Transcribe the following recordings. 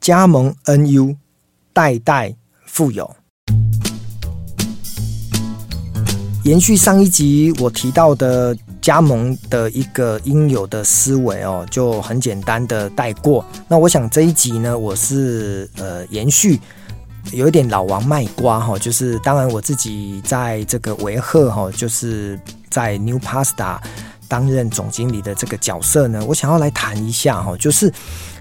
加盟 NU，代代富有。延續上一集我提到的加盟的一個應有的思維哦，就很簡單的帶過。那我想這一集呢，我是呃延續有一點老王賣瓜哈哦，就是當然我自己在這個維赫哈，就是在 New Pasta。擔任總經理的這個角色呢，我想要來談一下哈，就是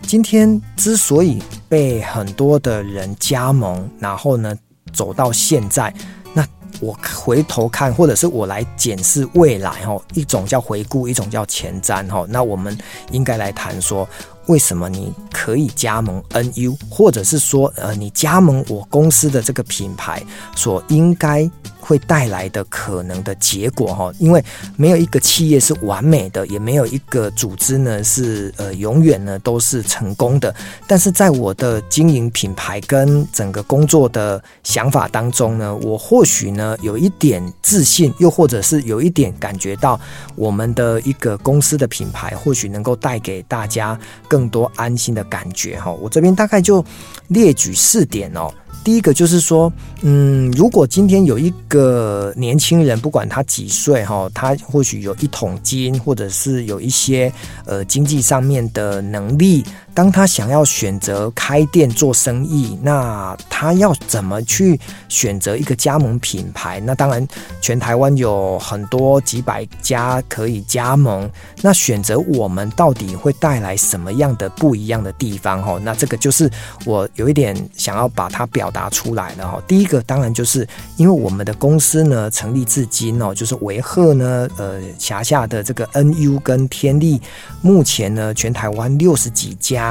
今天之所以被很多的人加盟，然後呢走到現在，那我回頭看或者是我來檢視未來哈，一種叫回顧，一種叫前瞻哈，那我們應該來談說。為什麼你可以加盟 NU，或者是說，呃，你加盟我公司的這個品牌所應該會帶來的可能的結果哦，哈，因為沒有一個企業是完美的，也沒有一個組織呢是，呃，永遠呢都是成功的。但是在我的經營品牌跟整個工作的想法當中呢，我或許呢有一點自信，又或者是有一點感覺到我們的一個公司的品牌或許能夠帶給大家更，更多安心的感覺哈，我這邊大概就列舉四點哦。第一個就是說，嗯，如果今天有一個年輕人，不管他幾歲哈，他或許有一桶金，或者是有一些呃經濟上面的能力。當他想要選擇開店做生意，那他要怎麼去選擇一個加盟品牌？那當然，全台灣有很多幾百家可以加盟。那選擇我們到底會帶來什麼樣的不一樣的地方？哈，那這個就是我有一點想要把它表達出來了。哈，第一個當然就是因為我們的公司呢成立至今哦，就是維赫呢呃轄下的這個 NU 跟天利，目前呢全台灣六十幾家。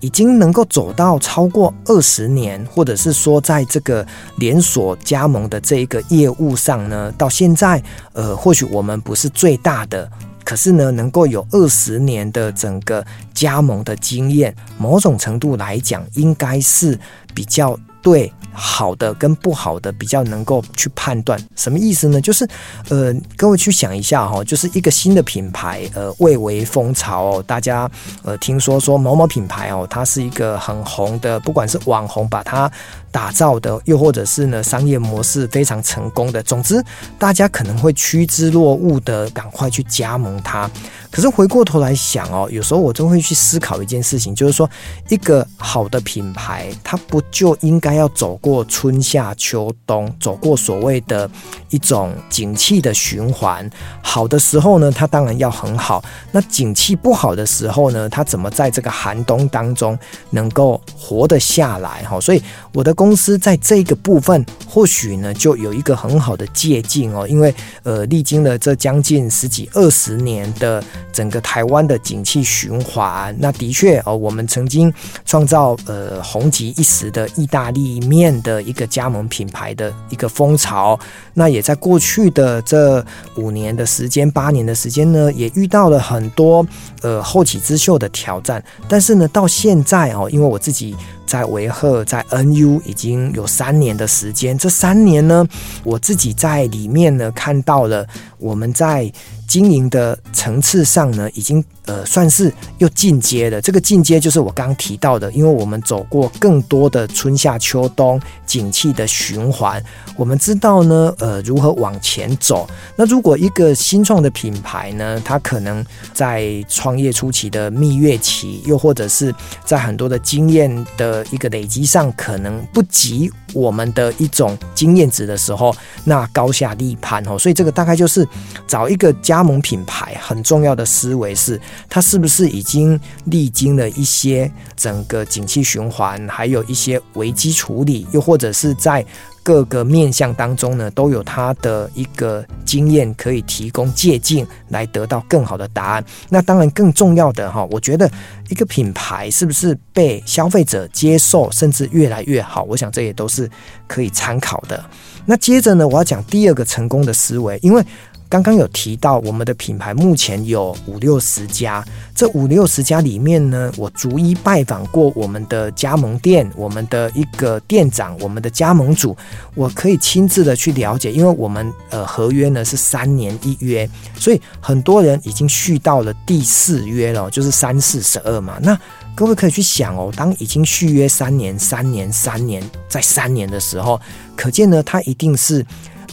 已經能夠走到超過二十年，或者是說，在這個連鎖加盟的這一個業務上呢，到現在，呃，或許我們不是最大的，可是呢，能夠有二十年的整個加盟的經驗，某種程度來講，應該是比較對。好的跟不好的比較能夠去判斷，什麼意思呢？就是，呃，各位去想一下哈、哦，就是一個新的品牌，呃，蔚為風潮、哦。大家，呃，聽說說某某品牌哦，它是一個很紅的，不管是網紅把它打造的，又或者是呢，商業模式非常成功的，總之，大家可能會趨之若鶩的，趕快去加盟它。可是回過頭來想哦，有時候我就會去思考一件事情，就是說一個好的品牌，它不就應該要走過春夏秋冬，走過所謂的，一種景氣的循環？好的時候呢，它當然要很好；那景氣不好的時候呢，它怎麼在這個寒冬當中能夠活得下來？哈，所以我的公司在這個部分，或許呢，就有一個很好的借鏡哦，因為呃，歷經了這將近十幾二十年的。整個台灣的景氣循環，那的確哦，我們曾經創造呃紅極一時的意大利麵的一個加盟品牌的一個風潮，那也在過去的這五年的時間、八年的時間呢，也遇到了很多呃後起之秀的挑戰。但是呢，到現在哦，因為我自己在維和，在 NU 已經有三年的時間，這三年呢，我自己在裡面呢看到了我們在。經營的層次上呢，已經，呃，算是又進階的。這個進階就是我剛剛提到的，因為我們走過更多的春夏秋冬景氣的循環，我們知道呢，呃，如何往前走。那如果一個新創的品牌呢，它可能在創業初期的蜜月期，又或者是在很多的經驗的一個累積上，可能不及我們的一種經驗值的時候，那高下立判哦。所以這個大概就是找一個加盟品牌很重要的思維是。它是不是已經歷經了一些整個景氣循環，還有一些危機處理，又或者是在各個面向當中呢，都有它的一個經驗可以提供借鑑，來得到更好的答案。那當然更重要的哈，我覺得一個品牌是不是被消費者接受，甚至越來越好，我想這也都是可以參考的。那接着呢，我要講第二個成功的思維，因為剛剛有提到，我們的品牌目前有五六十家。這五六十家裡面呢，我逐一拜訪過我們的加盟店、我們的一個店長、我們的加盟組，我可以親自的去了解。因為我們呃合約呢是三年一約，所以很多人已經續到了第四約了，就是三四十二嘛。那各位可以去想哦，當已經續約三年、三年、三年再三年的時候，可見呢，它一定是。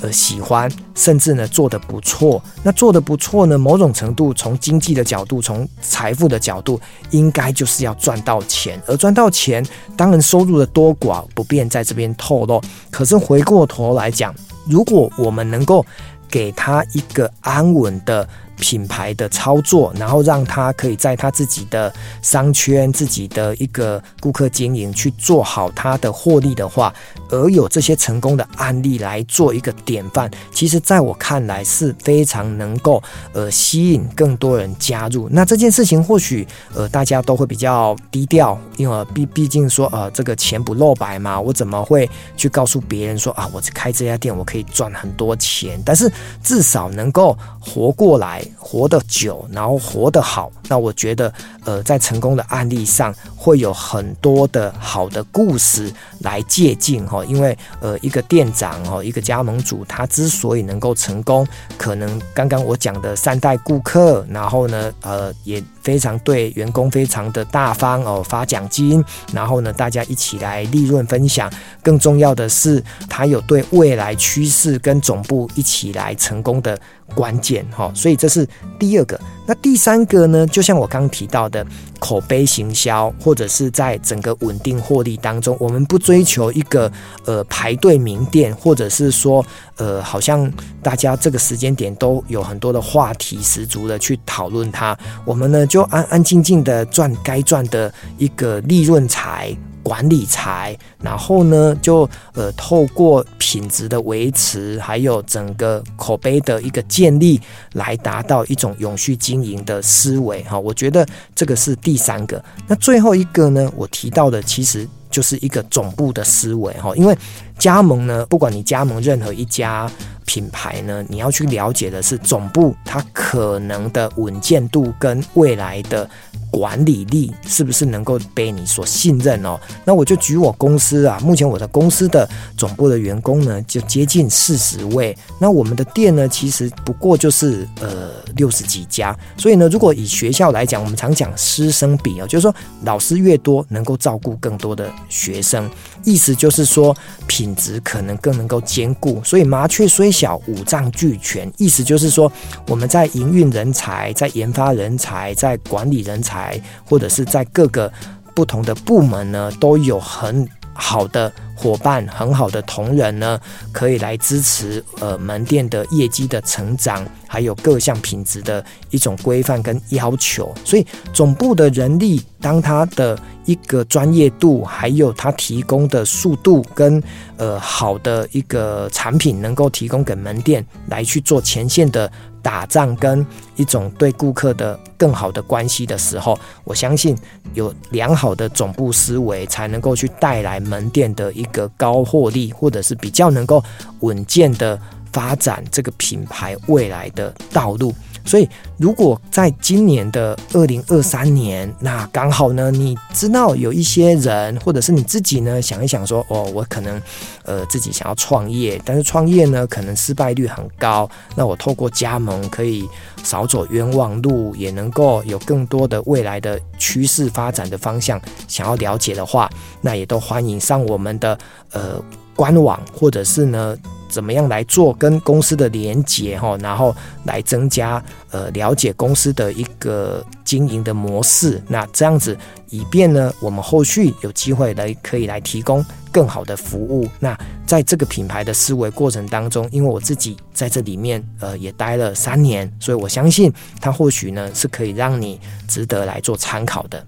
而喜歡，甚至呢做得不錯。那做得不錯呢，某種程度從經濟的角度，從財富的角度，應該就是要賺到錢。而賺到錢，當然收入的多寡不便在這邊透露。可是回過頭來講，如果我們能夠給他一個安穩的。品牌的操作，然後讓他可以在他自己的商圈、自己的一個顧客經營去做好他的獲利的話，而有這些成功的案例來做一個典範，其實在我看來是非常能夠呃吸引更多人加入。那這件事情或許呃大家都會比較低調，因為畢畢竟說呃這個錢不露白嘛，我怎麼會去告訴別人說啊我開這家店我可以賺很多錢，但是至少能夠活過來。活得久，然後活得好，那我覺得，呃，在成功的案例上會有很多的好的故事來借鑑，哈、哦。因為，呃，一個店長，哈、哦，一個加盟主，他之所以能夠成功，可能剛剛我講的善待顧客，然後呢，呃，也非常對員工非常的大方哦，發獎金，然後呢，大家一起來利潤分享。更重要的是，他有對未來趨勢跟總部一起來成功的。關鍵哈，所以這是第二個。那第三個呢？就像我剛剛提到的，口碑行銷或者是在整個穩定獲利當中，我們不追求一個呃排隊名店，或者是說呃好像大家這個時間點都有很多的話題十足的去討論它。我們呢就安安靜靜的賺該賺的一個利潤財，管理財，然後呢，就呃，透過品質的維持，還有整個口碑的一個建立，來達到一種永續經營的思維哈。我覺得這個是第三個。那最後一個呢，我提到的其實就是一個總部的思維哈，因為。加盟呢，不管你加盟任何一家品牌呢，你要去了解的是總部它可能的穩健度跟未來的管理力是不是能夠被你所信任哦。那我就舉我公司啊，目前我的公司的總部的員工呢，就接近四十位，那我們的店呢，其實不過就是呃六十幾家，所以呢，如果以學校來講，我們常講師生比哦，就是說老師越多，能夠照顧更多的學生。意思就是說，品質可能更能夠兼顧，所以麻雀雖小，五臟俱全。意思就是說，我們在營運人才、在研發人才、在管理人才，或者是在各個不同的部門呢，都有很好的夥伴，很好的同仁呢，可以來支持呃門店的業績的成長，還有各項品質的一種規範跟要求。所以總部的人力，當他的一個專業度，還有他提供的速度跟呃好的一個產品，能夠提供給門店來去做前線的。打仗跟一種對顧客的更好的關係的時候，我相信有良好的總部思維，才能夠去帶來門店的一個高獲利，或者是比較能夠穩健的發展這個品牌未來的道路。所以，如果在今年的二零二三年，那剛好呢，你知道有一些人，或者是你自己呢，想一想說，哦，我可能，呃，自己想要創業，但是創業呢，可能失敗率很高。那我透過加盟，可以少走冤枉路，也能夠有更多的未來的趨勢發展的方向。想要了解的話，那也都歡迎上我們的呃官網，或者是呢。怎麼樣來做跟公司的連接哈，然後來增加呃了解公司的一個經營的模式，那這樣子以便呢我們後續有機會來可以來提供更好的服務。那在這個品牌的思維過程當中，因為我自己在這裡面呃也待了三年，所以我相信它或許呢是可以讓你值得來做參考的。